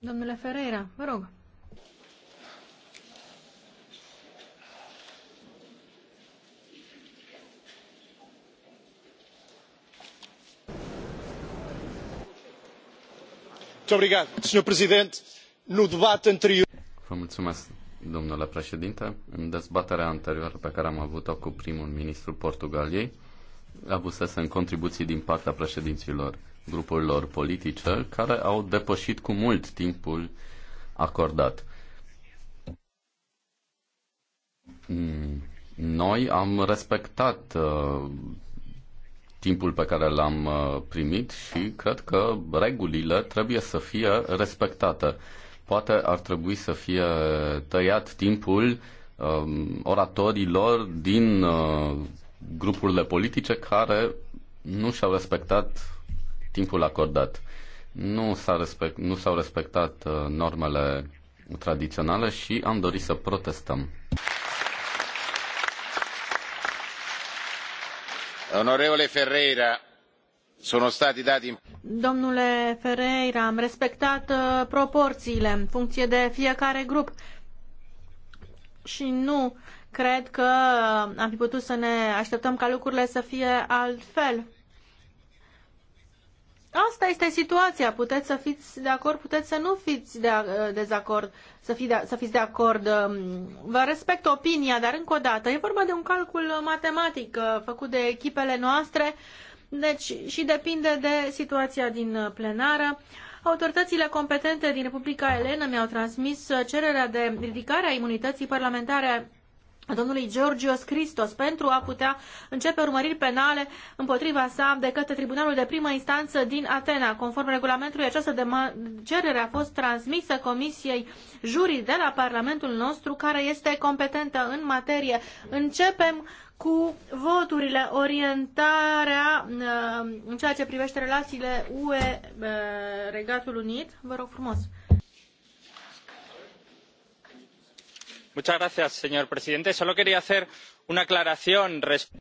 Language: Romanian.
Domnule Ferreira, vă rog. Vă mulțumesc, domnule președinte. În dezbaterea anterioară pe care am avut-o cu primul ministru Portugaliei, avusese în contribuții din partea președinților grupurilor politice care au depășit cu mult timpul acordat. Mm, noi am respectat uh, timpul pe care l-am uh, primit și cred că regulile trebuie să fie respectate. Poate ar trebui să fie tăiat timpul um, oratorilor din uh, grupurile politice care nu și-au respectat timpul acordat. Nu, s-a respect, nu s-au respectat uh, normele tradiționale și am dorit să protestăm. Onorevole Ferreira, sono stati dati... Domnule Ferreira, am respectat uh, proporțiile în funcție de fiecare grup și nu cred că uh, am fi putut să ne așteptăm ca lucrurile să fie altfel. Asta este situația. Puteți să fiți de acord, puteți să nu fiți de dezacord, să, fi de, să fiți de acord. Um, vă respect opinia, dar încă o dată, e vorba de un calcul matematic uh, făcut de echipele noastre, deci și depinde de situația din plenară. Autoritățile competente din Republica Elenă mi-au transmis cererea de ridicare a imunității parlamentare domnului Georgios Christos pentru a putea începe urmăriri penale împotriva sa de către Tribunalul de Primă Instanță din Atena. Conform regulamentului, această cerere a fost transmisă Comisiei Jurii de la Parlamentul nostru, care este competentă în materie. Începem cu voturile, orientarea uh, în ceea ce privește relațiile UE-Regatul uh, Unit. Vă rog frumos! señor presidente solo quería hacer una aclaración respecto. a la votación.